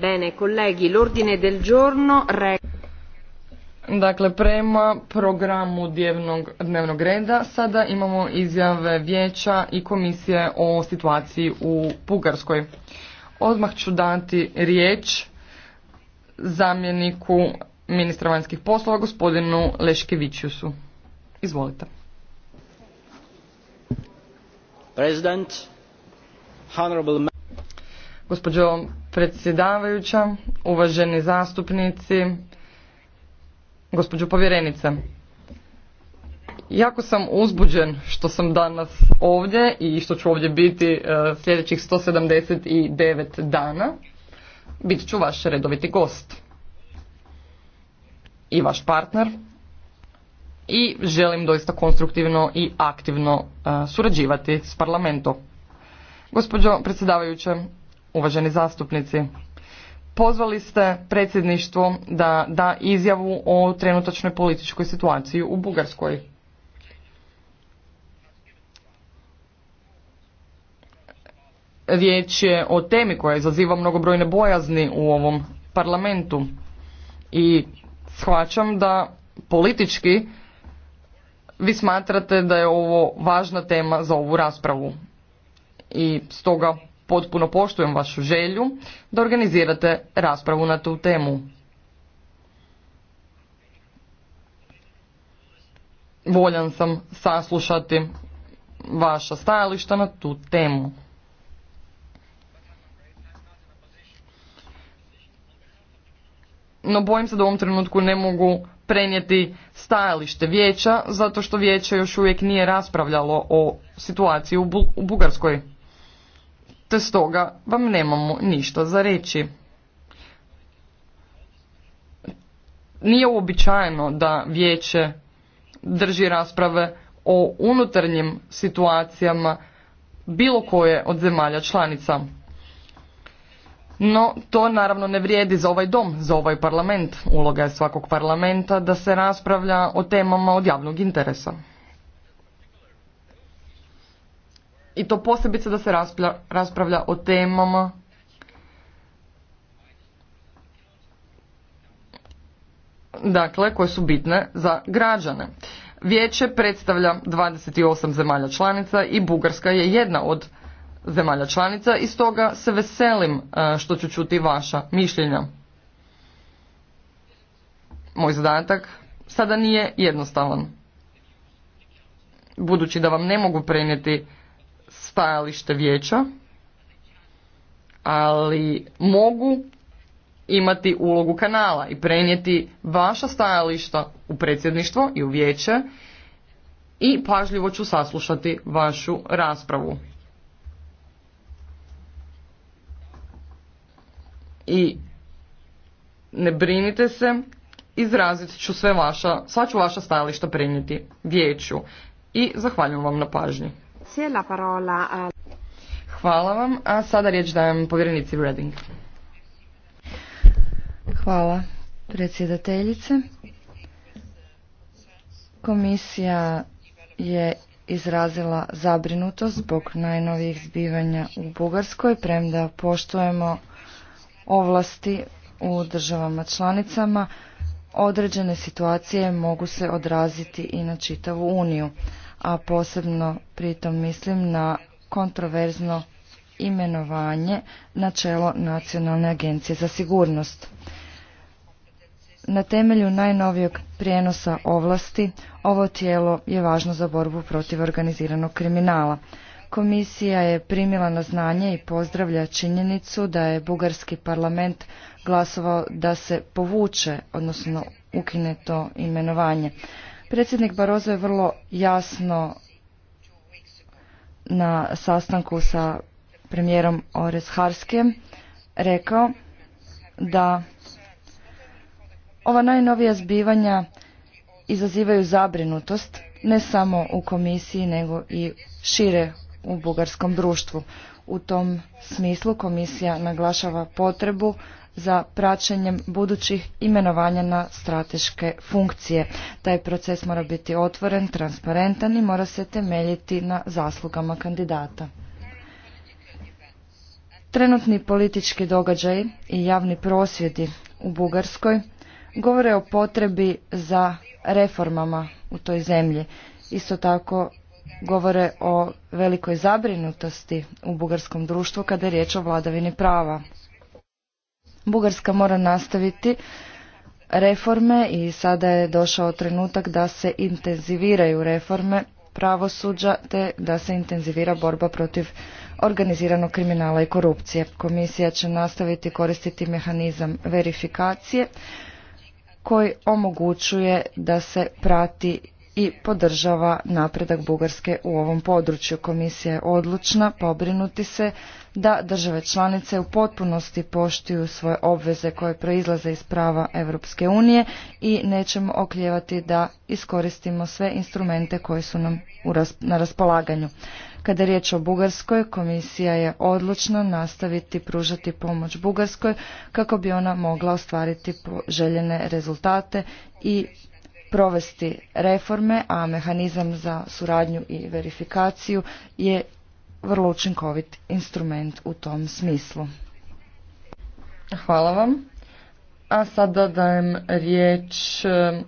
Bene, Dakle, prema programu dnevnog reda sada imamo izjave vijeća i komisije o situaciji u Bugarskoj. Odmah ću dati riječ zamjeniku ministra vanjskih poslova, gospodinu Leškevićusu. Izvolite. President, honorable Gospođo predsjedavajuća, uvaženi zastupnici, gospođo povjerenice. Jako sam uzbuđen što sam danas ovdje i što ću ovdje biti e, sljedećih 179 dana. Bit ću vaš redoviti gost i vaš partner i želim doista konstruktivno i aktivno e, surađivati s parlamentom. Gospođo predsjedavajuće, uvaženi zastupnici. Pozvali ste predsjedništvo da da izjavu o trenutačnoj političkoj situaciji u Bugarskoj. Riječ je o temi koja izaziva mnogobrojne bojazni u ovom parlamentu i shvaćam da politički vi smatrate da je ovo važna tema za ovu raspravu i stoga potpuno poštujem vašu želju da organizirate raspravu na tu temu. Voljan sam saslušati vaša stajališta na tu temu. No bojim se da u ovom trenutku ne mogu prenijeti stajalište vijeća zato što vijeće još uvijek nije raspravljalo o situaciji u Bugarskoj te stoga vam nemamo ništa za reći. Nije uobičajeno da vijeće drži rasprave o unutarnjim situacijama bilo koje od zemalja članica. No, to naravno ne vrijedi za ovaj dom, za ovaj parlament. Uloga je svakog parlamenta da se raspravlja o temama od javnog interesa. i to posebice da se raspravlja, o temama dakle koje su bitne za građane. Vijeće predstavlja 28 zemalja članica i Bugarska je jedna od zemalja članica i stoga se veselim e, što ću čuti vaša mišljenja. Moj zadatak sada nije jednostavan. Budući da vam ne mogu prenijeti stajalište vijeća, ali mogu imati ulogu kanala i prenijeti vaša stajališta u predsjedništvo i u vijeće i pažljivo ću saslušati vašu raspravu. I ne brinite se, izrazit ću sve vaša, sva ću vaša stajališta prenijeti vijeću i zahvaljujem vam na pažnji la parola... Hvala vam, a sada riječ dajem povjerenici Reding. Hvala, predsjedateljice. Komisija je izrazila zabrinutost zbog najnovijih zbivanja u Bugarskoj, premda poštujemo ovlasti u državama članicama, određene situacije mogu se odraziti i na čitavu Uniju a posebno pritom mislim na kontroverzno imenovanje na čelo Nacionalne agencije za sigurnost. Na temelju najnovijeg prijenosa ovlasti ovo tijelo je važno za borbu protiv organiziranog kriminala. Komisija je primila na znanje i pozdravlja činjenicu da je bugarski parlament glasovao da se povuče, odnosno ukine to imenovanje. Predsjednik Barozo je vrlo jasno na sastanku sa premijerom Ores Harske rekao da ova najnovija zbivanja izazivaju zabrinutost ne samo u komisiji nego i šire u bugarskom društvu. U tom smislu komisija naglašava potrebu za praćenjem budućih imenovanja na strateške funkcije. Taj proces mora biti otvoren, transparentan i mora se temeljiti na zaslugama kandidata. Trenutni politički događaj i javni prosvjedi u Bugarskoj govore o potrebi za reformama u toj zemlji. Isto tako govore o velikoj zabrinutosti u bugarskom društvu kada je riječ o vladavini prava Bugarska mora nastaviti reforme i sada je došao trenutak da se intenziviraju reforme pravosuđa te da se intenzivira borba protiv organiziranog kriminala i korupcije. Komisija će nastaviti koristiti mehanizam verifikacije koji omogućuje da se prati i podržava napredak Bugarske u ovom području. Komisija je odlučna pobrinuti se da države članice u potpunosti poštuju svoje obveze koje proizlaze iz prava Europske unije i nećemo okljevati da iskoristimo sve instrumente koji su nam na raspolaganju. Kada je riječ o Bugarskoj, komisija je odlučna nastaviti pružati pomoć Bugarskoj kako bi ona mogla ostvariti željene rezultate i provesti reforme, a mehanizam za suradnju i verifikaciju je vrlo učinkovit instrument u tom smislu. Hvala vam. A sada dajem riječ eh,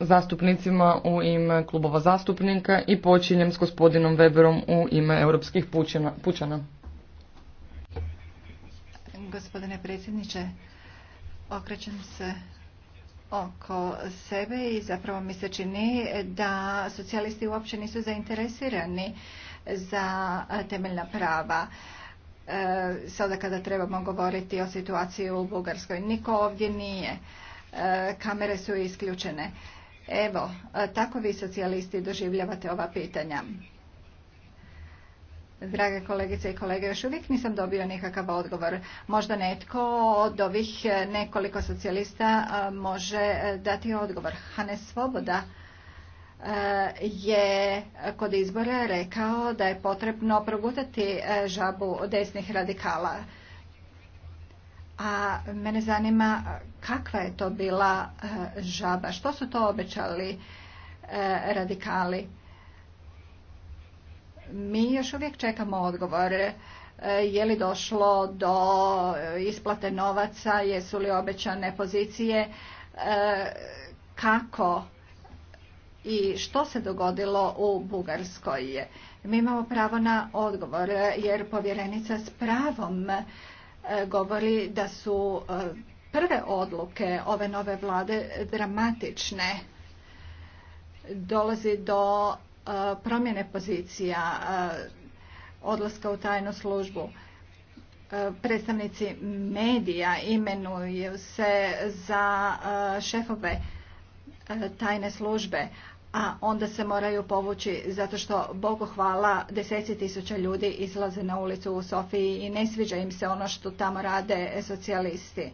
zastupnicima u ime klubova zastupnika i počinjem s gospodinom Weberom u ime europskih pučana. pučana. Gospodine predsjedniče, okrećem se oko sebe i zapravo mi se čini da socijalisti uopće nisu zainteresirani za e, temeljna prava e, sada kada trebamo govoriti o situaciji u Bugarskoj. Niko ovdje nije. E, kamere su isključene. Evo, tako vi socijalisti doživljavate ova pitanja. Drage kolegice i kolege, još uvijek nisam dobio nikakav odgovor. Možda netko od ovih e, nekoliko socijalista e, može e, dati odgovor. Hane Svoboda je kod izbora rekao da je potrebno progutati žabu desnih radikala. A mene zanima kakva je to bila žaba, što su to obećali radikali. Mi još uvijek čekamo odgovor e, je li došlo do e, isplate novaca, jesu li obećane pozicije, e, kako i što se dogodilo u Bugarskoj. Mi imamo pravo na odgovor jer povjerenica s pravom govori da su prve odluke ove nove vlade dramatične. Dolazi do E, promjene pozicija, e, odlaska u tajnu službu. E, predstavnici medija imenuju se za šefove tajne službe, a onda se moraju povući zato što, Bogu hvala, deseci tisuća ljudi izlaze na ulicu u Sofiji i ne sviđa im se ono što tamo rade socijalisti.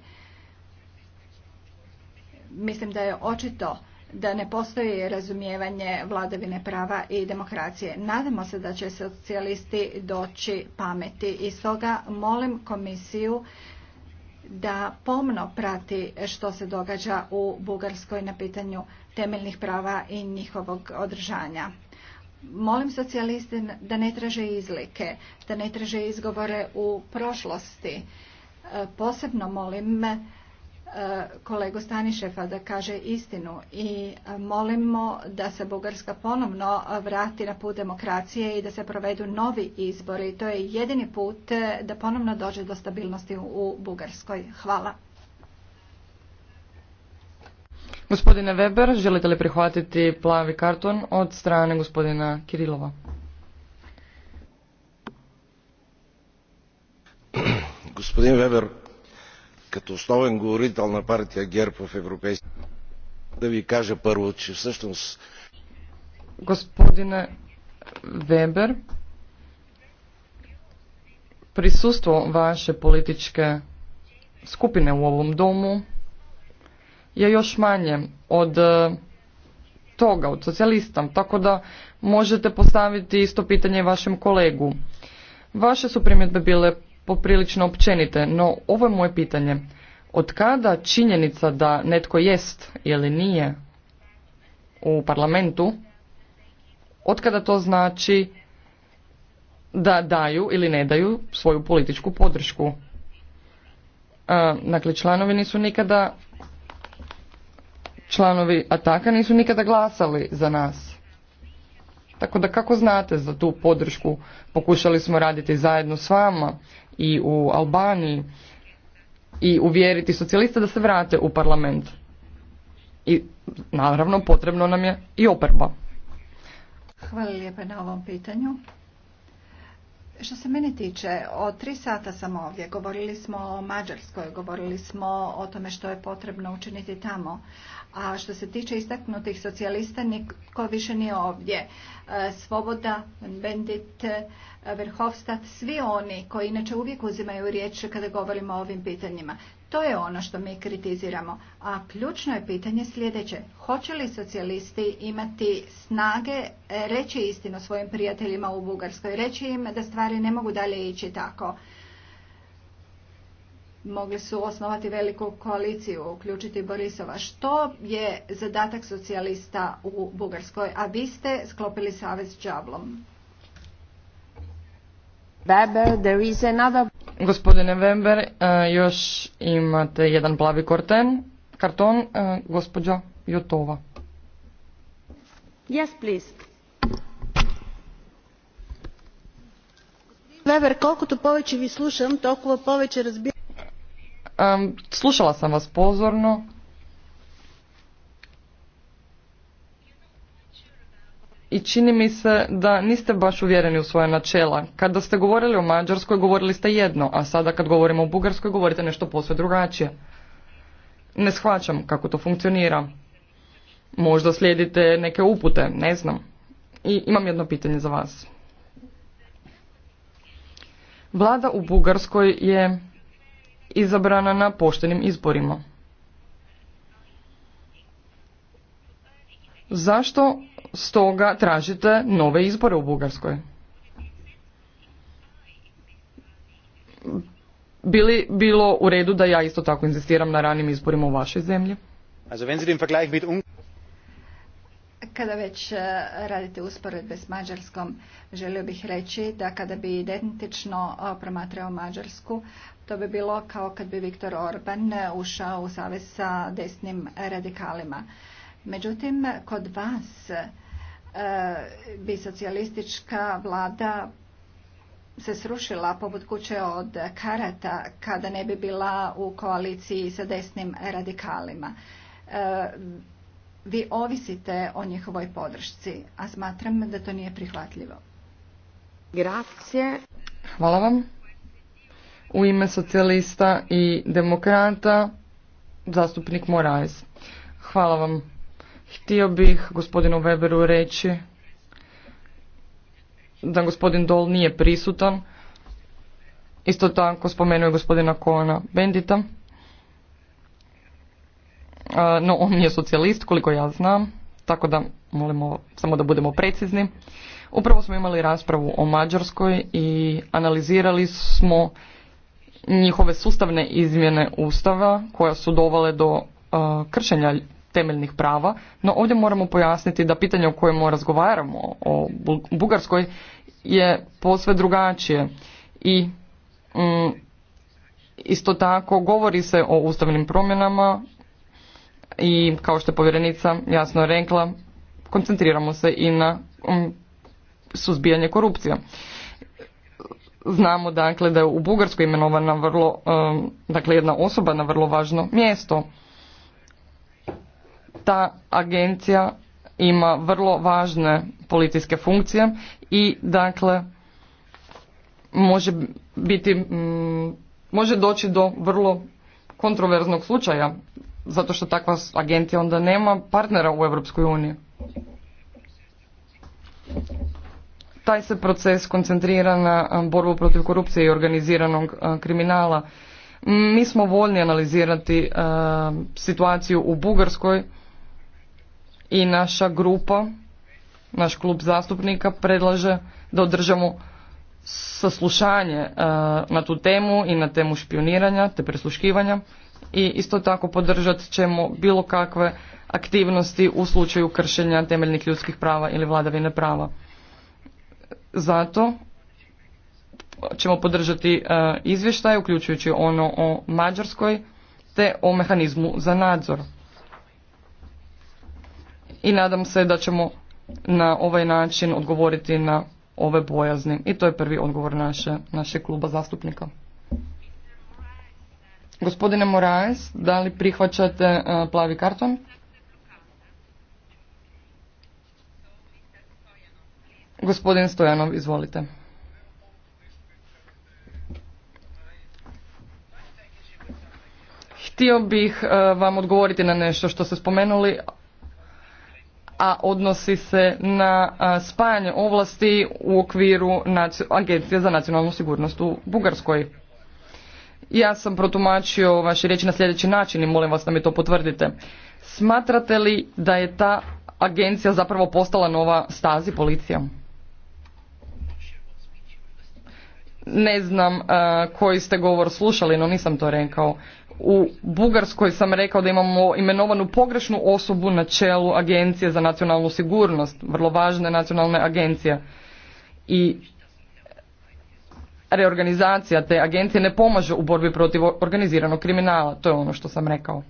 Mislim da je očito da ne postoji razumijevanje vladavine prava i demokracije. Nadamo se da će socijalisti doći pameti i stoga molim komisiju da pomno prati što se događa u Bugarskoj na pitanju temeljnih prava i njihovog održanja. Molim socijaliste da ne traže izlike, da ne traže izgovore u prošlosti. E, posebno molim kolegu Stanišefa da kaže istinu i e, molimo da se Bugarska ponovno vrati na put demokracije i da se provedu novi izbori. To je jedini put e, da ponovno dođe do stabilnosti u Bugarskoj. Hvala. Gospodine Weber, želite li prihvatiti plavi karton od strane gospodina Kirilova? Gospodin Weber, като основен говорител на партия ГЕРБ в Da да kaže prvo, първо, че всъщност... Gospodine Weber, prisustvo vaše političke skupine u ovom domu je još manje od toga, od socijalistam, tako da možete postaviti isto pitanje vašem kolegu. Vaše su primjedbe bile poprilično općenite, no ovo je moje pitanje. Od kada činjenica da netko jest ili nije u parlamentu, od kada to znači da daju ili ne daju svoju političku podršku? E, dakle, članovi nisu nikada članovi ataka nisu nikada glasali za nas. Tako da kako znate za tu podršku, pokušali smo raditi zajedno s vama, i u Albaniji i uvjeriti socijaliste da se vrate u parlament. I naravno potrebno nam je i oprba. Hvala lijepa na ovom pitanju. Što se mene tiče, od tri sata sam ovdje. Govorili smo o Mađarskoj, govorili smo o tome što je potrebno učiniti tamo. A što se tiče istaknutih socijalista, niko više nije ovdje. E, Svoboda, Bendit, e, Verhofstadt, svi oni koji inače uvijek uzimaju riječ kada govorimo o ovim pitanjima. To je ono što mi kritiziramo. A ključno je pitanje sljedeće. Hoće li socijalisti imati snage reći istinu svojim prijateljima u Bugarskoj? Reći im da stvari ne mogu dalje ići tako mogli su osnovati veliku koaliciju, uključiti Borisova. Što je zadatak socijalista u Bugarskoj? A vi ste sklopili savez s džablom. there is Gospodine Weber, e, još imate jedan plavi korten, karton, e, gospođa Jotova. Yes, please. Weber, koliko to poveće vi slušam, toliko poveće razbijam Um, slušala sam vas pozorno. I čini mi se da niste baš uvjereni u svoje načela. Kada ste govorili o Mađarskoj, govorili ste jedno, a sada kad govorimo o Bugarskoj, govorite nešto posve drugačije. Ne shvaćam kako to funkcionira. Možda slijedite neke upute, ne znam. I imam jedno pitanje za vas. Vlada u Bugarskoj je izabrana na poštenim izborima. Zašto stoga tražite nove izbore u Bugarskoj? Bili bilo u redu da ja isto tako inzistiram na ranim izborima u vašoj zemlji? Also kada već e, radite usporedbe s Mađarskom, želio bih reći da kada bi identično e, promatrao Mađarsku, to bi bilo kao kad bi Viktor Orban e, ušao u savez sa desnim radikalima. Međutim, kod vas bi socijalistička vlada se srušila poput kuće od karata kada ne bi bila u koaliciji sa desnim radikalima vi ovisite o njihovoj podršci, a smatram da to nije prihvatljivo. Grazie. Hvala vam. U ime socijalista i demokrata, zastupnik Moraes. Hvala vam. Htio bih gospodinu Weberu reći da gospodin Dol nije prisutan. Isto tako spomenuo gospodina Kona Bendita no on je socijalist koliko ja znam, tako da molimo samo da budemo precizni. Upravo smo imali raspravu o Mađarskoj i analizirali smo njihove sustavne izmjene Ustava koja su dovale do kršenja temeljnih prava, no ovdje moramo pojasniti da pitanje o kojemu razgovaramo o Bugarskoj je posve drugačije i mm, isto tako govori se o ustavnim promjenama i kao što je povjerenica jasno rekla, koncentriramo se i na um, suzbijanje korupcije. Znamo dakle da je u Bugarskoj imenovana vrlo, um, dakle jedna osoba na vrlo važno mjesto. Ta agencija ima vrlo važne policijske funkcije i dakle može biti, mm, može doći do vrlo kontroverznog slučaja zato što takva agencija onda nema partnera u Europskoj uniji. Taj se proces koncentrira na borbu protiv korupcije i organiziranog kriminala. Mi smo voljni analizirati situaciju u Bugarskoj i naša grupa, naš klub zastupnika predlaže da održamo saslušanje na tu temu i na temu špioniranja te presluškivanja i isto tako podržat ćemo bilo kakve aktivnosti u slučaju kršenja temeljnih ljudskih prava ili vladavine prava. Zato ćemo podržati e, izvještaj, uključujući ono o Mađarskoj, te o mehanizmu za nadzor. I nadam se da ćemo na ovaj način odgovoriti na ove bojazni. I to je prvi odgovor naše, naše kluba zastupnika. Gospodine Moraes, da li prihvaćate e, plavi karton? Gospodin Stojanov, izvolite. Htio bih e, vam odgovoriti na nešto što ste spomenuli, a odnosi se na e, spajanje ovlasti u okviru Agencije za nacionalnu sigurnost u Bugarskoj. Ja sam protumačio vaše riječi na sljedeći način i molim vas da mi to potvrdite. Smatrate li da je ta agencija zapravo postala nova stazi policija? Ne znam e, koji ste govor slušali, no nisam to rekao. U Bugarskoj sam rekao da imamo imenovanu pogrešnu osobu na čelu Agencije za nacionalnu sigurnost, vrlo važne nacionalne agencije. I reorganizacija te agencije ne pomaže u borbi protiv organiziranog kriminala. To je ono što sam rekao.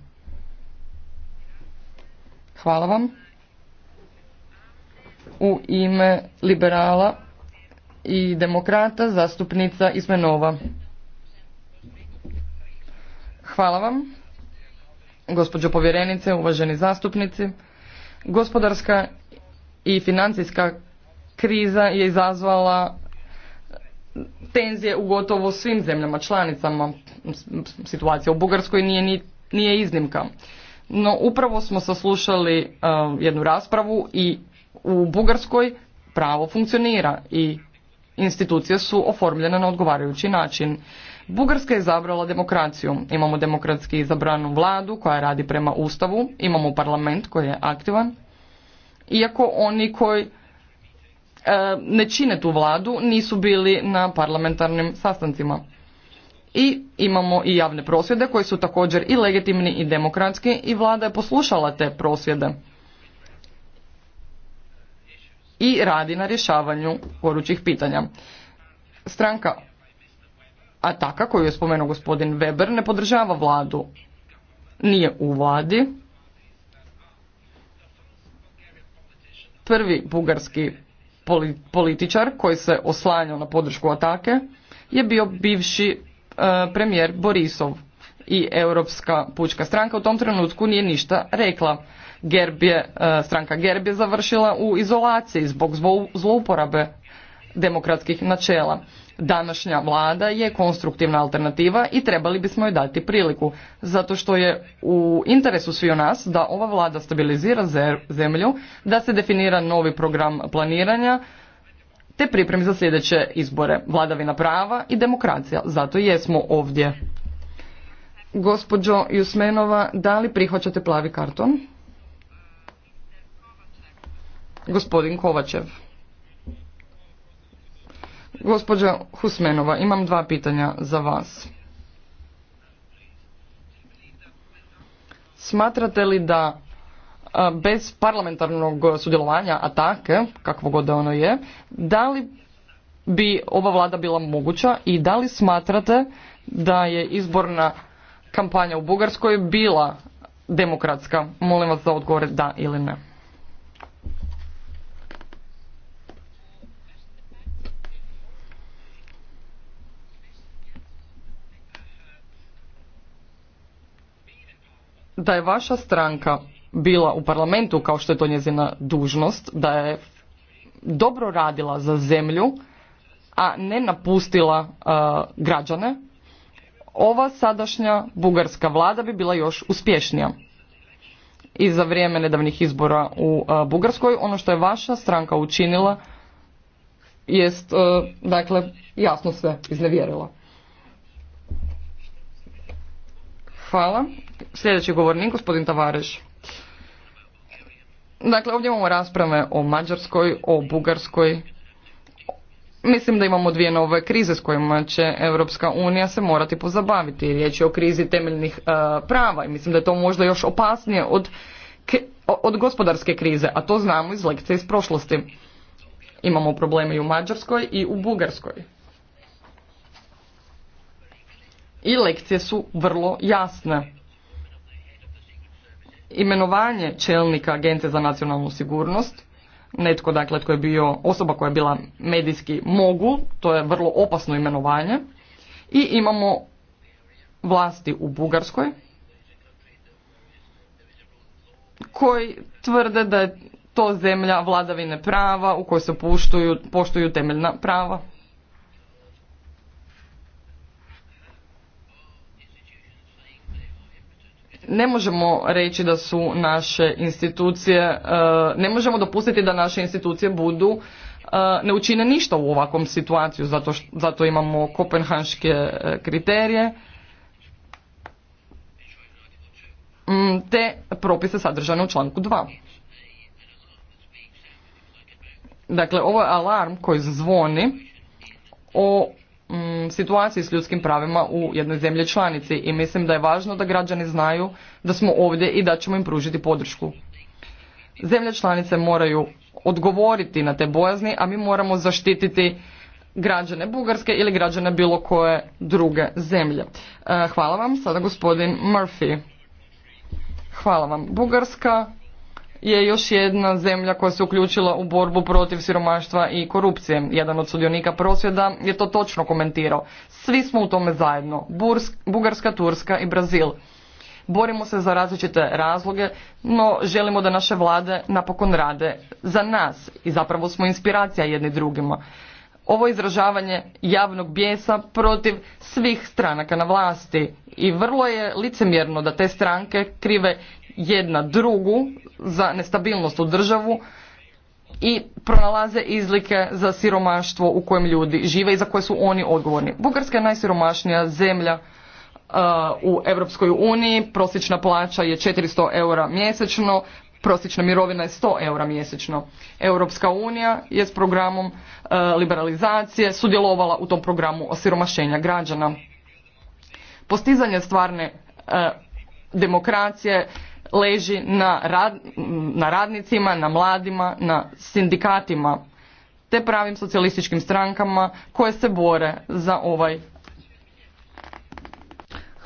Hvala vam. U ime liberala i demokrata zastupnica Ismenova. Hvala vam. Gospođo povjerenice, uvaženi zastupnici, gospodarska i financijska kriza je izazvala tenzije u gotovo svim zemljama članicama. Situacija u Bugarskoj nije, nije iznimka. No upravo smo saslušali e, jednu raspravu i u Bugarskoj pravo funkcionira i institucije su oformljene na odgovarajući način. Bugarska je zabrala demokraciju. Imamo demokratski izabranu vladu koja radi prema ustavu, imamo parlament koji je aktivan. Iako oni koji E, ne čine tu vladu nisu bili na parlamentarnim sastancima. I imamo i javne prosvjede koji su također i legitimni i demokratski i vlada je poslušala te prosvjede i radi na rješavanju gorućih pitanja. Stranka Ataka, koju je spomenuo gospodin Weber, ne podržava vladu. Nije u vladi. Prvi bugarski političar koji se oslanjao na podršku atake je bio bivši e, premijer Borisov i Europska pučka stranka u tom trenutku nije ništa rekla. Gerb je, e, stranka Gerb završila u izolaciji zbog zlouporabe demokratskih načela. Današnja vlada je konstruktivna alternativa i trebali bismo joj dati priliku, zato što je u interesu svih nas da ova vlada stabilizira zemlju, da se definira novi program planiranja, te pripremi za sljedeće izbore, vladavina prava i demokracija. Zato jesmo ovdje. Gospođo Jusmenova, da li prihvaćate plavi karton? Gospodin Kovačev. Gospođa Husmenova, imam dva pitanja za vas. Smatrate li da bez parlamentarnog sudjelovanja a atake, kakvo god da ono je, da li bi ova vlada bila moguća i da li smatrate da je izborna kampanja u Bugarskoj bila demokratska? Molim vas da odgovore da ili ne. da je vaša stranka bila u parlamentu kao što je to njezina dužnost, da je dobro radila za zemlju, a ne napustila e, građane, ova sadašnja bugarska vlada bi bila još uspješnija. I za vrijeme nedavnih izbora u e, Bugarskoj ono što je vaša stranka učinila jest e, dakle jasno sve iznevjerila. Hvala. Sljedeći govornik, gospodin Tavareš. Dakle, ovdje imamo rasprave o Mađarskoj, o Bugarskoj. Mislim da imamo dvije nove krize s kojima će Europska unija se morati pozabaviti. Riječ je o krizi temeljnih e, prava i mislim da je to možda još opasnije od, od gospodarske krize, a to znamo iz lekcije iz prošlosti. Imamo probleme i u Mađarskoj i u Bugarskoj. I lekcije su vrlo jasne imenovanje čelnika Agencije za nacionalnu sigurnost, netko dakle tko je bio osoba koja je bila medijski mogu, to je vrlo opasno imenovanje, i imamo vlasti u Bugarskoj koji tvrde da je to zemlja vladavine prava u kojoj se poštuju, poštuju temeljna prava. ne možemo reći da su naše institucije, e, ne možemo dopustiti da naše institucije budu e, ne učine ništa u ovakvom situaciju, zato, zato imamo kopenhanške e, kriterije mm, te propise sadržane u članku 2. Dakle, ovo je alarm koji zvoni o Mm, situaciji s ljudskim pravima u jednoj zemlji članici i mislim da je važno da građani znaju da smo ovdje i da ćemo im pružiti podršku. Zemlje članice moraju odgovoriti na te bojazni, a mi moramo zaštititi građane Bugarske ili građane bilo koje druge zemlje. E, hvala vam. Sada gospodin Murphy. Hvala vam. Bugarska je još jedna zemlja koja se uključila u borbu protiv siromaštva i korupcije. Jedan od sudionika prosvjeda je to točno komentirao. Svi smo u tome zajedno. Bugarska, Turska i Brazil. Borimo se za različite razloge, no želimo da naše vlade napokon rade za nas i zapravo smo inspiracija jedni drugima. Ovo izražavanje javnog bijesa protiv svih stranaka na vlasti i vrlo je licemjerno da te stranke krive jedna drugu za nestabilnost u državu i pronalaze izlike za siromaštvo u kojem ljudi žive i za koje su oni odgovorni. Bugarska je najsiromašnija zemlja uh, u Europskoj uniji, prosječna plaća je 400 eura mjesečno, prosječna mirovina je 100 eura mjesečno. Europska unija je s programom uh, liberalizacije sudjelovala u tom programu osiromašenja građana. Postizanje stvarne uh, demokracije leži na, rad, na radnicima, na mladima, na sindikatima, te pravim socijalističkim strankama koje se bore za ovaj.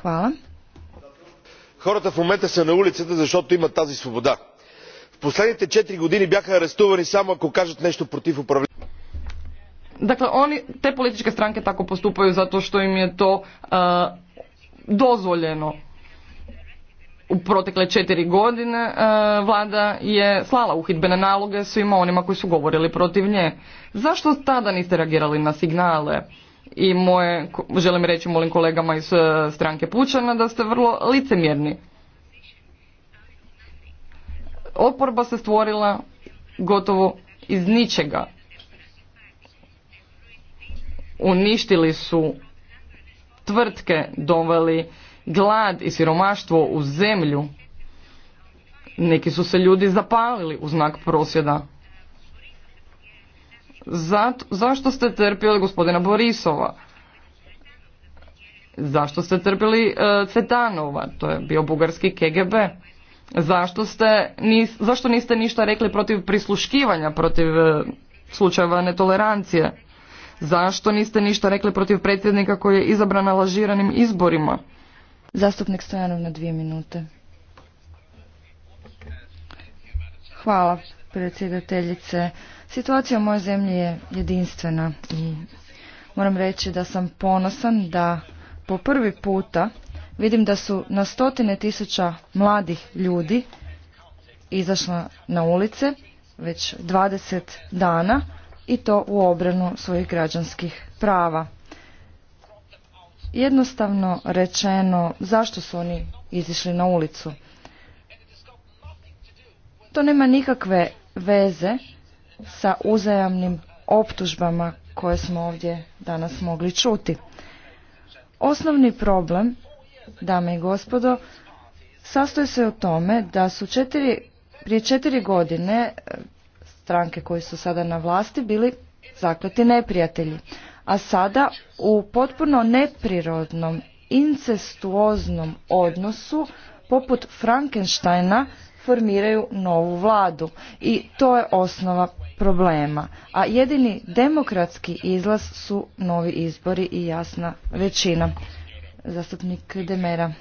Hvala. Хората в момента са на улицата, защото имат тази свобода. В последните 4 години бяха арестувани само ако кажат нещо против управлението. Дакле, dakle, они, те političke странки тако postupaju zato što im je to uh, dozvoljeno u protekle četiri godine e, vlada je slala uhidbene naloge svima onima koji su govorili protiv nje. Zašto tada niste reagirali na signale? I moje, želim reći molim kolegama iz e, stranke Pučana da ste vrlo licemjerni. Oporba se stvorila gotovo iz ničega. Uništili su tvrtke, doveli glad i siromaštvo u zemlju. Neki su se ljudi zapalili u znak prosjeda Zato, zašto ste trpili gospodina Borisova? Zašto ste trpili e, Cetanova? To je bio bugarski KGB. Zašto, ste, zašto niste ništa rekli protiv prisluškivanja, protiv e, slučajeva netolerancije? Zašto niste ništa rekli protiv predsjednika koji je izabran na lažiranim izborima? Zastupnik Stojanov na dvije minute. Hvala, predsjedateljice. Situacija u mojoj zemlji je jedinstvena i moram reći da sam ponosan da po prvi puta vidim da su na stotine tisuća mladih ljudi izašla na ulice već 20 dana i to u obranu svojih građanskih prava jednostavno rečeno zašto su oni izišli na ulicu. To nema nikakve veze sa uzajamnim optužbama koje smo ovdje danas mogli čuti. Osnovni problem, dame i gospodo, sastoji se u tome da su četiri, prije četiri godine eh, stranke koje su sada na vlasti bili zakleti neprijatelji a sada u potpuno neprirodnom, incestuoznom odnosu poput Frankensteina formiraju novu vladu i to je osnova problema. A jedini demokratski izlaz su novi izbori i jasna većina. Zastupnik Demera.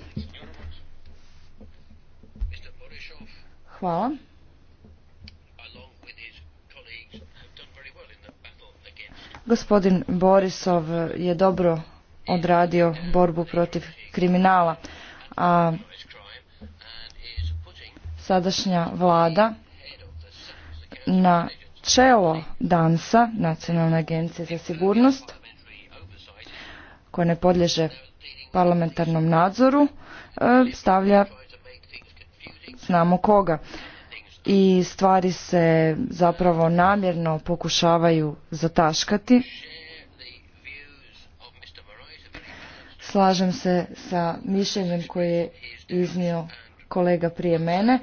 Hvala. Gospodin Borisov je dobro odradio borbu protiv kriminala, a sadašnja vlada na čelo Dansa, Nacionalne agencije za sigurnost, koja ne podlježe parlamentarnom nadzoru, e, stavlja znamo koga i stvari se zapravo namjerno pokušavaju zataškati. Slažem se sa mišljenjem koje je iznio kolega prije mene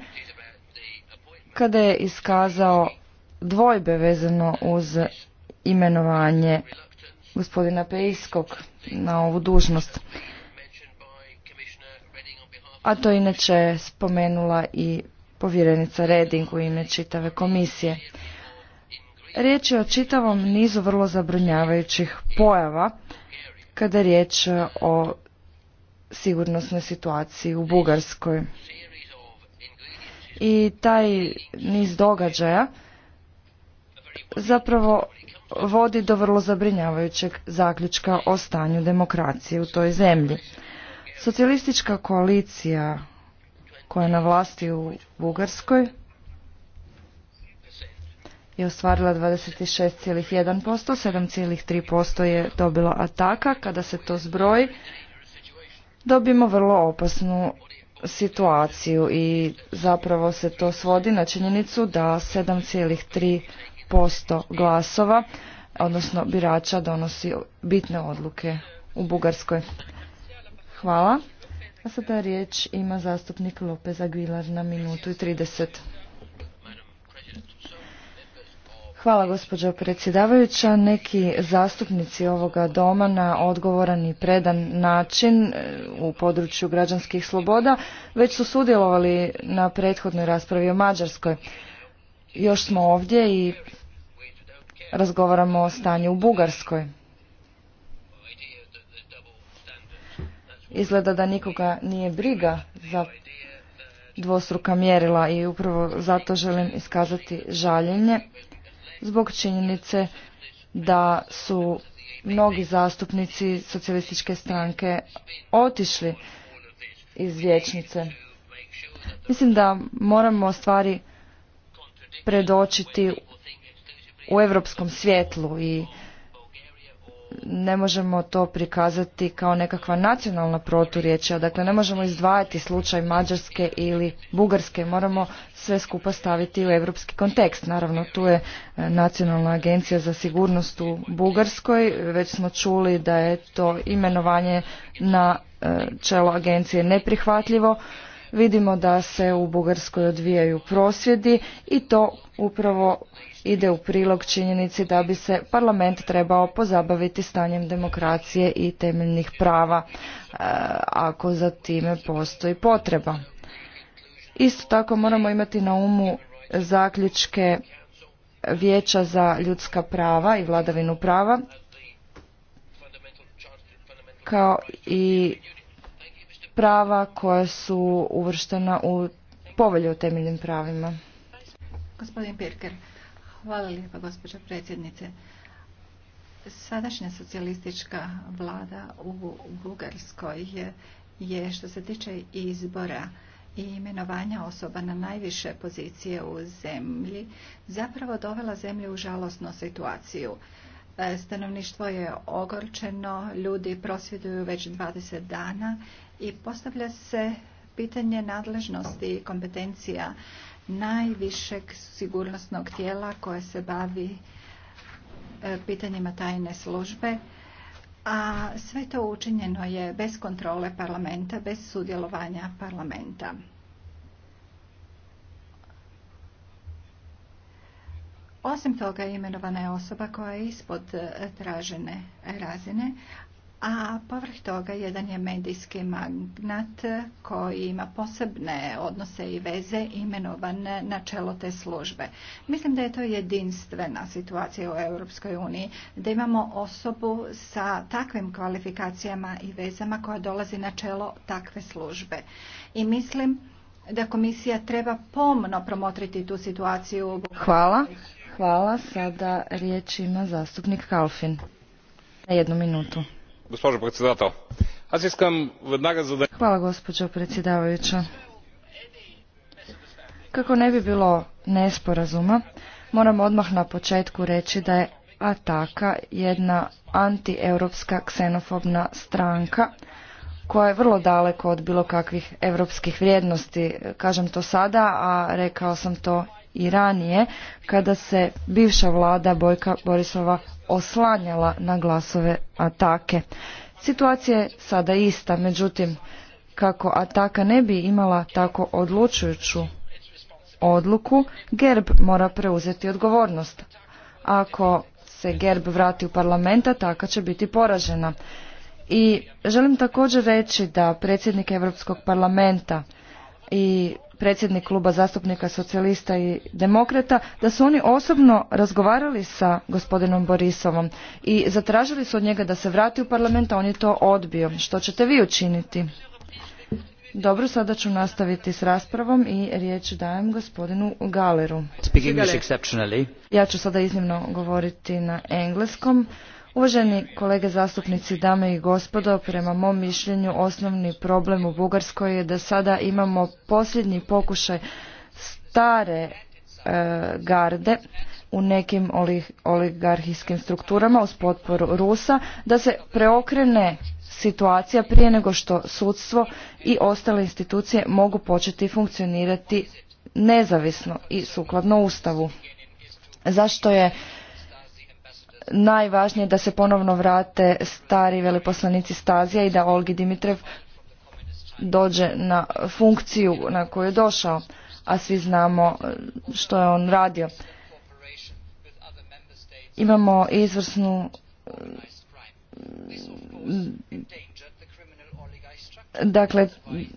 kada je iskazao dvojbe vezano uz imenovanje gospodina Pejskog na ovu dužnost. A to inače spomenula i povjerenica Reding u ime čitave komisije. Riječ je o čitavom nizu vrlo zabrinjavajućih pojava kada je riječ o sigurnosnoj situaciji u Bugarskoj. I taj niz događaja zapravo vodi do vrlo zabrinjavajućeg zaključka o stanju demokracije u toj zemlji. Socijalistička koalicija koja je na vlasti u Bugarskoj je ostvarila 26,1%, 7,3% je dobilo ataka. Kada se to zbroji, dobimo vrlo opasnu situaciju i zapravo se to svodi na činjenicu da 7,3% glasova, odnosno birača, donosi bitne odluke u Bugarskoj. Hvala sada riječ ima zastupnik Lopez Aguilar na minutu i 30. Hvala gospođo predsjedavajuća. Neki zastupnici ovoga doma na odgovoran i predan način e, u području građanskih sloboda već su sudjelovali na prethodnoj raspravi o Mađarskoj. Još smo ovdje i razgovaramo o stanju u Bugarskoj. Izgleda da nikoga nije briga za dvostruka mjerila i upravo zato želim iskazati žaljenje zbog činjenice da su mnogi zastupnici socijalističke stranke otišli iz vječnice. Mislim da moramo stvari predočiti u europskom svjetlu i ne možemo to prikazati kao nekakva nacionalna proturječja, dakle ne možemo izdvajati slučaj Mađarske ili Bugarske, moramo sve skupa staviti u europski kontekst. Naravno tu je e, Nacionalna agencija za sigurnost u Bugarskoj, već smo čuli da je to imenovanje na e, čelo agencije neprihvatljivo, Vidimo da se u Bugarskoj odvijaju prosvjedi i to upravo ide u prilog činjenici da bi se parlament trebao pozabaviti stanjem demokracije i temeljnih prava e, ako za time postoji potreba. Isto tako moramo imati na umu zaključke Vijeća za ljudska prava i vladavinu prava kao i prava koja su uvrštena u povelju o temeljnim pravima. Gospodin Pirker, hvala lijepa gospođo predsjednice. Sadašnja socijalistička vlada u Bugarskoj je, je što se tiče izbora i imenovanja osoba na najviše pozicije u zemlji zapravo dovela zemlju u žalosnu situaciju. E, stanovništvo je ogorčeno, ljudi prosvjeduju već 20 dana i postavlja se pitanje nadležnosti i kompetencija najvišeg sigurnosnog tijela koje se bavi e, pitanjima tajne službe, a sve to učinjeno je bez kontrole parlamenta, bez sudjelovanja parlamenta. Osim toga imenovana je osoba koja je ispod e, tražene razine, a povrh toga jedan je medijski magnat koji ima posebne odnose i veze imenovan na čelo te službe. Mislim da je to jedinstvena situacija u Europskoj uniji, da imamo osobu sa takvim kvalifikacijama i vezama koja dolazi na čelo takve službe. I mislim da komisija treba pomno promotriti tu situaciju. Hvala. Hvala. Sada riječ ima zastupnik Kalfin. Na jednu minutu. Gospođo predsjedavajuća, Hvala gospođo predsjedavajuća. Kako ne bi bilo nesporazuma, moram odmah na početku reći da je Ataka jedna antieuropska ksenofobna stranka koja je vrlo daleko od bilo kakvih europskih vrijednosti. Kažem to sada, a rekao sam to i ranije kada se bivša vlada Bojka Borisova oslanjala na glasove atake. Situacija je sada ista, međutim kako ataka ne bi imala tako odlučujuću odluku, Gerb mora preuzeti odgovornost. Ako se Gerb vrati u parlamenta, ataka će biti poražena. I želim također reći da predsjednik Europskog parlamenta i predsjednik kluba zastupnika socijalista i demokrata, da su oni osobno razgovarali sa gospodinom Borisovom i zatražili su od njega da se vrati u parlament, a on je to odbio. Što ćete vi učiniti? Dobro, sada ću nastaviti s raspravom i riječ dajem gospodinu Galeru. Ja ću sada iznimno govoriti na engleskom. Uvaženi kolege zastupnici, dame i gospodo, prema mom mišljenju osnovni problem u Bugarskoj je da sada imamo posljednji pokušaj stare e, garde u nekim oligarhijskim strukturama uz potporu Rusa da se preokrene situacija prije nego što sudstvo i ostale institucije mogu početi funkcionirati nezavisno i sukladno Ustavu. Zašto je najvažnije da se ponovno vrate stari veleposlanici Stazija i da Olgi Dimitrov dođe na funkciju na koju je došao, a svi znamo e, što je on radio. Imamo izvrsnu e, dakle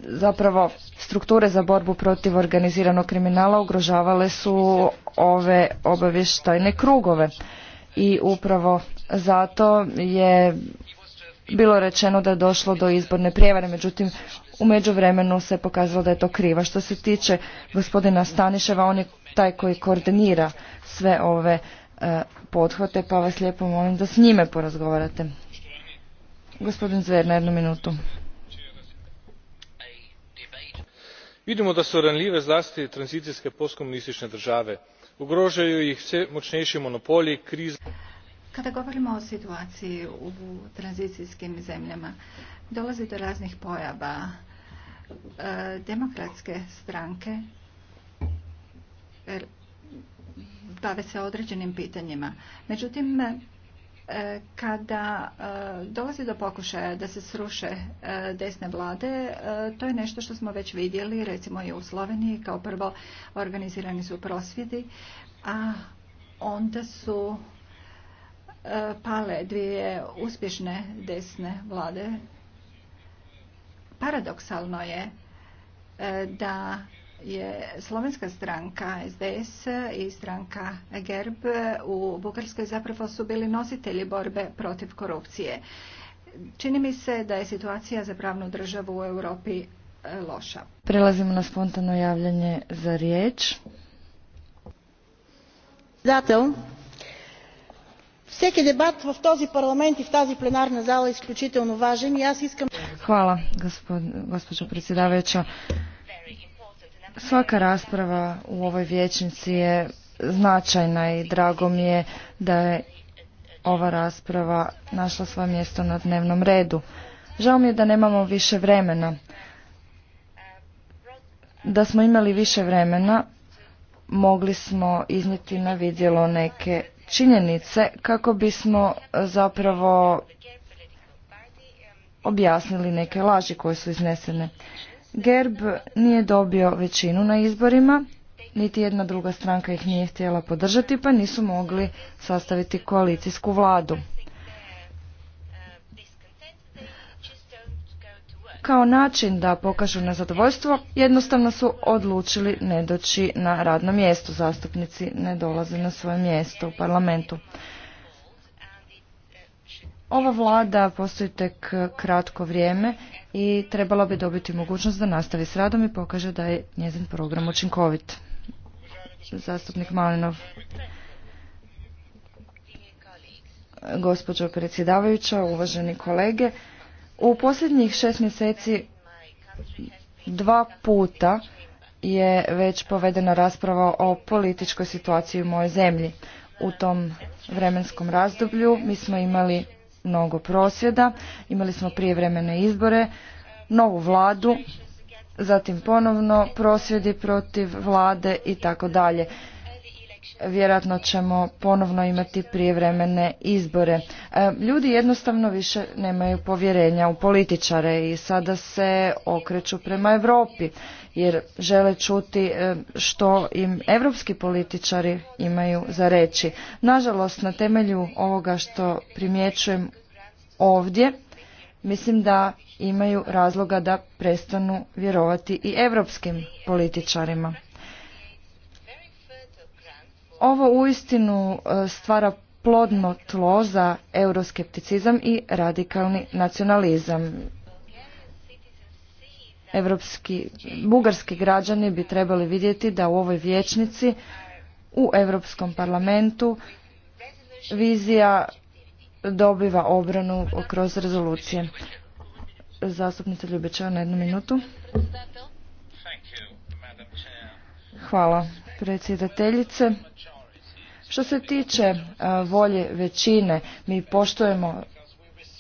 zapravo strukture za borbu protiv organiziranog kriminala ugrožavale su ove obavještajne krugove i upravo zato je bilo rečeno da je došlo do izborne prijevare, međutim u međuvremenu se pokazalo da je to kriva. Što se tiče gospodina Staniševa, on je taj koji koordinira sve ove e, pa vas lijepo molim da s njime porazgovarate. Gospodin Zver, na jednu minutu. Vidimo da su ranljive zlasti tranzicijske postkomunistične države ugrožaju ih sve moćniji monopoli krize kada govorimo o situaciji u tranzicijskim zemljama dolazi do raznih pojava e, demokratske stranke er, bave se određenim pitanjima međutim E, kada e, dolazi do pokušaja da se sruše e, desne vlade, to je nešto što smo već vidjeli, recimo i u Sloveniji, kao prvo organizirani su prosvjedi, a onda su pale dvije uspješne desne vlade. Paradoksalno je da je slovenska stranka SDS i stranka GERB u Bukarskoj zapravo su bili nositelji borbe protiv korupcije. Čini mi se da je situacija za pravnu državu u Europi e, loša. Prelazimo na spontano javljanje za riječ. Zato, всеки дебат в този парламент и в тази пленарна зала е изключително важен и аз искам... Hvala, gospođo predsjedavajuća. Svaka rasprava u ovoj vječnici je značajna i drago mi je da je ova rasprava našla svoje mjesto na dnevnom redu. Žao mi je da nemamo više vremena. Da smo imali više vremena, mogli smo iznijeti na vidjelo neke činjenice kako bismo zapravo objasnili neke laži koje su iznesene. Gerb nije dobio većinu na izborima, niti jedna druga stranka ih nije htjela podržati pa nisu mogli sastaviti koalicijsku vladu. Kao način da pokažu nezadovoljstvo jednostavno su odlučili ne doći na radno mjesto. Zastupnici ne dolaze na svoje mjesto u parlamentu. Ova vlada postoji tek kratko vrijeme i trebala bi dobiti mogućnost da nastavi s radom i pokaže da je njezin program učinkovit. Zastupnik Malinov. Gospođo predsjedavajuća, uvaženi kolege, u posljednjih šest mjeseci dva puta je već povedena rasprava o političkoj situaciji u mojoj zemlji. U tom vremenskom razdoblju mi smo imali mnogo prosvjeda, imali smo prijevremene izbore, novu vladu, zatim ponovno prosvjedi protiv vlade i tako dalje. Vjerojatno ćemo ponovno imati prijevremene izbore. E, ljudi jednostavno više nemaju povjerenja u političare i sada se okreću prema Europi jer žele čuti e, što im europski političari imaju za reći. Nažalost, na temelju ovoga što primjećujem ovdje, mislim da imaju razloga da prestanu vjerovati i europskim političarima. Ovo uistinu e, stvara plodno tlo za euroskepticizam i radikalni nacionalizam. Evropski, bugarski građani bi trebali vidjeti da u ovoj vječnici u Europskom parlamentu vizija dobiva obranu kroz rezolucije. Zastupnica Ljubića na jednu minutu. Hvala predsjedateljice. Što se tiče volje većine, mi poštujemo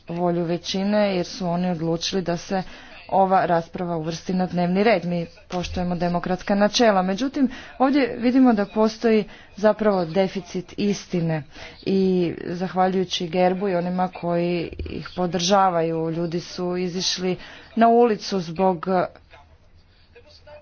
volju većine jer su oni odlučili da se ova rasprava uvrsti na dnevni red. Mi poštujemo demokratska načela. Međutim, ovdje vidimo da postoji zapravo deficit istine i zahvaljujući Gerbu i onima koji ih podržavaju, ljudi su izišli na ulicu zbog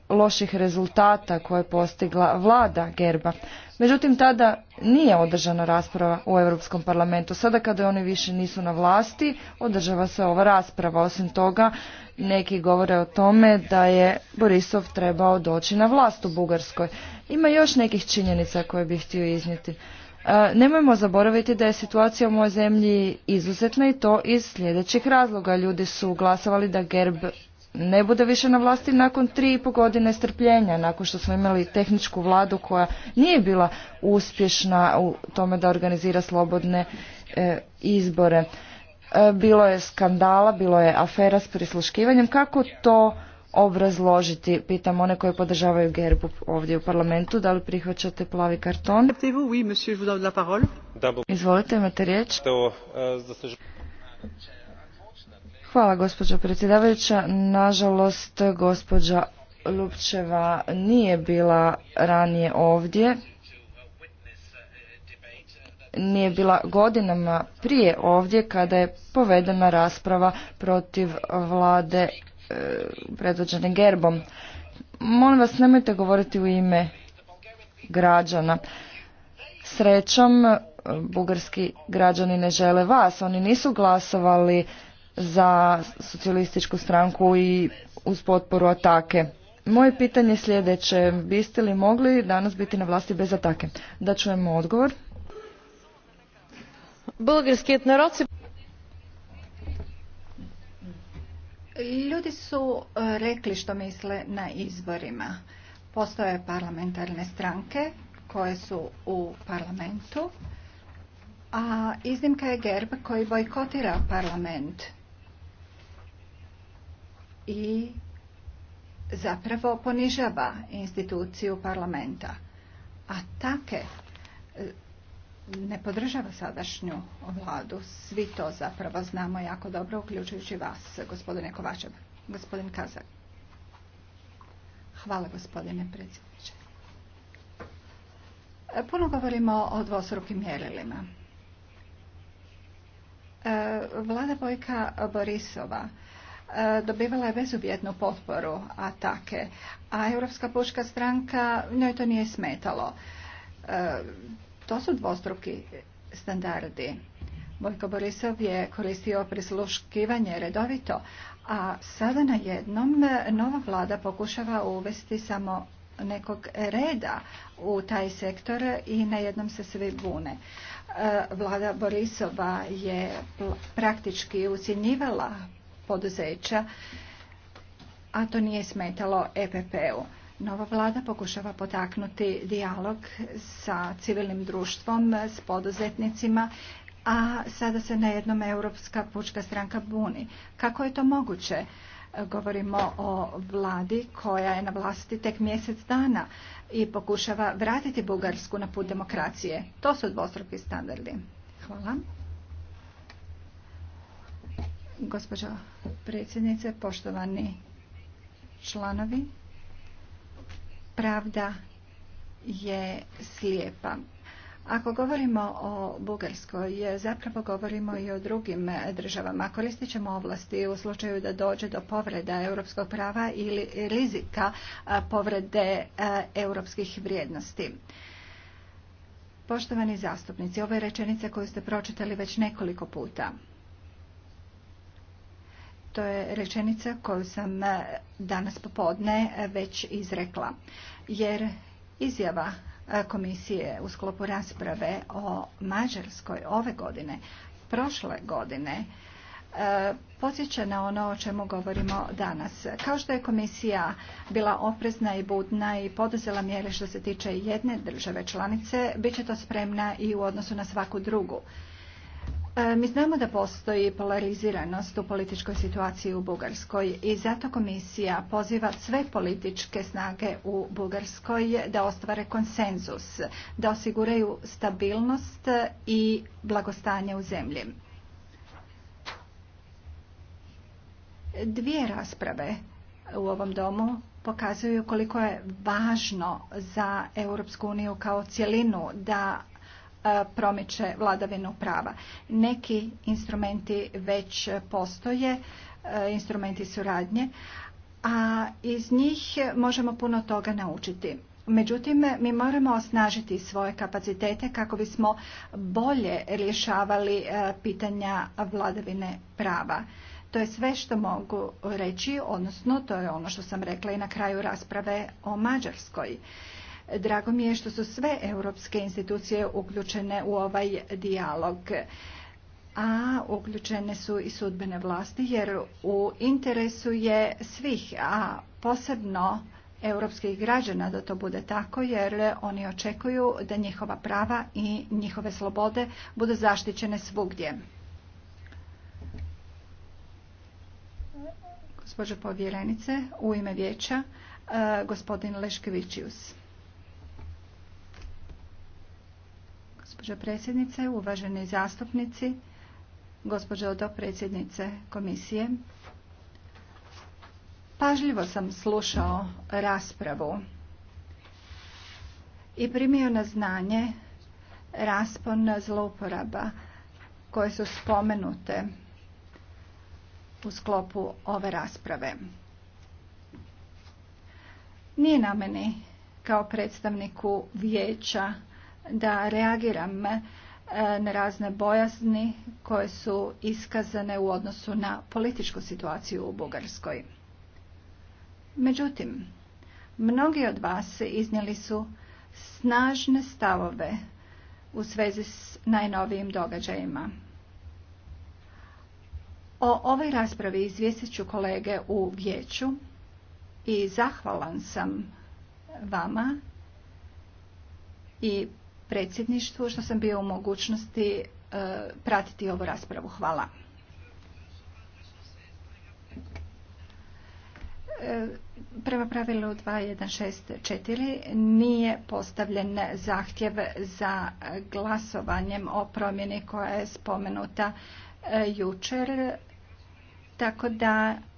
loših rezultata koje je postigla vlada Gerba. Međutim, tada nije održana rasprava u Europskom parlamentu. Sada kada oni više nisu na vlasti, održava se ova rasprava. Osim toga, neki govore o tome da je Borisov trebao doći na vlast u Bugarskoj. Ima još nekih činjenica koje bih htio iznijeti. E, nemojmo zaboraviti da je situacija u mojoj zemlji izuzetna i to iz sljedećih razloga. Ljudi su glasovali da Gerb ne bude više na vlasti nakon tri i po godine strpljenja, nakon što smo imali tehničku vladu koja nije bila uspješna u tome da organizira slobodne e, izbore. E, bilo je skandala, bilo je afera s prisluškivanjem. Kako to obrazložiti? Pitam one koje podržavaju gerbu ovdje u parlamentu. Da li prihvaćate plavi karton? Izvolite, imate riječ. E, Hvala gospođo predsjedavajuća. Nažalost, gospođa Lupčeva nije bila ranije ovdje. Nije bila godinama prije ovdje kada je povedena rasprava protiv vlade e, predvođene gerbom. Molim vas, nemojte govoriti u ime građana. Srećom, e, bugarski građani ne žele vas. Oni nisu glasovali za socijalističku stranku i uz potporu atake. Moje pitanje je sljedeće. Biste li mogli danas biti na vlasti bez atake? Da čujemo odgovor. Bulgarski Ljudi su e, rekli što misle na izborima. Postoje parlamentarne stranke koje su u parlamentu, a iznimka je gerb koji bojkotira parlament i zapravo ponižava instituciju parlamenta. A take e, ne podržava sadašnju vladu. Svi to zapravo znamo jako dobro, uključujući vas, gospodine Kovačev. Gospodin Kazak. Hvala, gospodine predsjedniče. E, puno govorimo o dvosrukim mjerilima. E, Vlada Bojka Borisova E, dobivala je bezuvjetnu potporu atake, a Europska puška stranka njoj to nije smetalo. E, to su dvostruki standardi. Bojko Borisov je koristio prisluškivanje redovito, a sada na jednom nova vlada pokušava uvesti samo nekog reda u taj sektor i na jednom se svi bune. E, vlada Borisova je praktički ucjenjivala poduzeća, a to nije smetalo EPP-u. Nova vlada pokušava potaknuti dijalog sa civilnim društvom, s poduzetnicima, a sada se na jednom Europska pučka stranka buni. Kako je to moguće? Govorimo o vladi koja je na vlasti tek mjesec dana i pokušava vratiti Bugarsku na put demokracije. To su dvostruki standardi. Hvala. Gospođo predsjednice, poštovani članovi, pravda je slijepa. Ako govorimo o Bugarskoj, zapravo govorimo i o drugim državama. Koristit ćemo ovlasti u slučaju da dođe do povreda europskog prava ili rizika povrede europskih vrijednosti. Poštovani zastupnici, ove rečenice koje ste pročitali već nekoliko puta. To je rečenica koju sam e, danas popodne e, već izrekla. Jer izjava e, komisije u sklopu rasprave o Mađarskoj ove godine, prošle godine, podsjeća na ono o čemu govorimo danas. Kao što je komisija bila oprezna i budna i poduzela mjere što se tiče jedne države članice, bit će to spremna i u odnosu na svaku drugu. E, mi znamo da postoji polariziranost u političkoj situaciji u Bugarskoj i zato komisija poziva sve političke snage u Bugarskoj da ostvare konsenzus, da osiguraju stabilnost i blagostanje u zemlji. Dvije rasprave u ovom domu pokazuju koliko je važno za Europsku uniju kao cjelinu da E, promiče vladavinu prava. Neki instrumenti već postoje, e, instrumenti suradnje, a iz njih možemo puno toga naučiti. Međutim, mi moramo osnažiti svoje kapacitete kako bismo bolje rješavali e, pitanja vladavine prava. To je sve što mogu reći, odnosno to je ono što sam rekla i na kraju rasprave o Mađarskoj. Drago mi je što su sve europske institucije uključene u ovaj dijalog a uključene su i sudbene vlasti jer u interesu je svih, a posebno europskih građana da to bude tako jer oni očekuju da njihova prava i njihove slobode budu zaštićene svugdje. Gospođo povjerenice, u ime vijeća, eh, gospodin Leškevičius. Gospođo predsjednice, uvaženi zastupnici, gospođo dopredsjednice komisije, pažljivo sam slušao raspravu i primio na znanje raspon zlouporaba koje su spomenute u sklopu ove rasprave. Nije na meni kao predstavniku vijeća da reagiram e, na razne bojazni koje su iskazane u odnosu na političku situaciju u Bugarskoj. Međutim, mnogi od vas iznijeli su snažne stavove u svezi s najnovijim događajima. O ovoj raspravi izvijestit ću kolege u vijeću i zahvalan sam vama i predsjedništvu što sam bio u mogućnosti e, pratiti ovu raspravu. Hvala. E, prema pravilu 2164 nije postavljen zahtjev za glasovanjem o promjeni koja je spomenuta e, jučer, tako da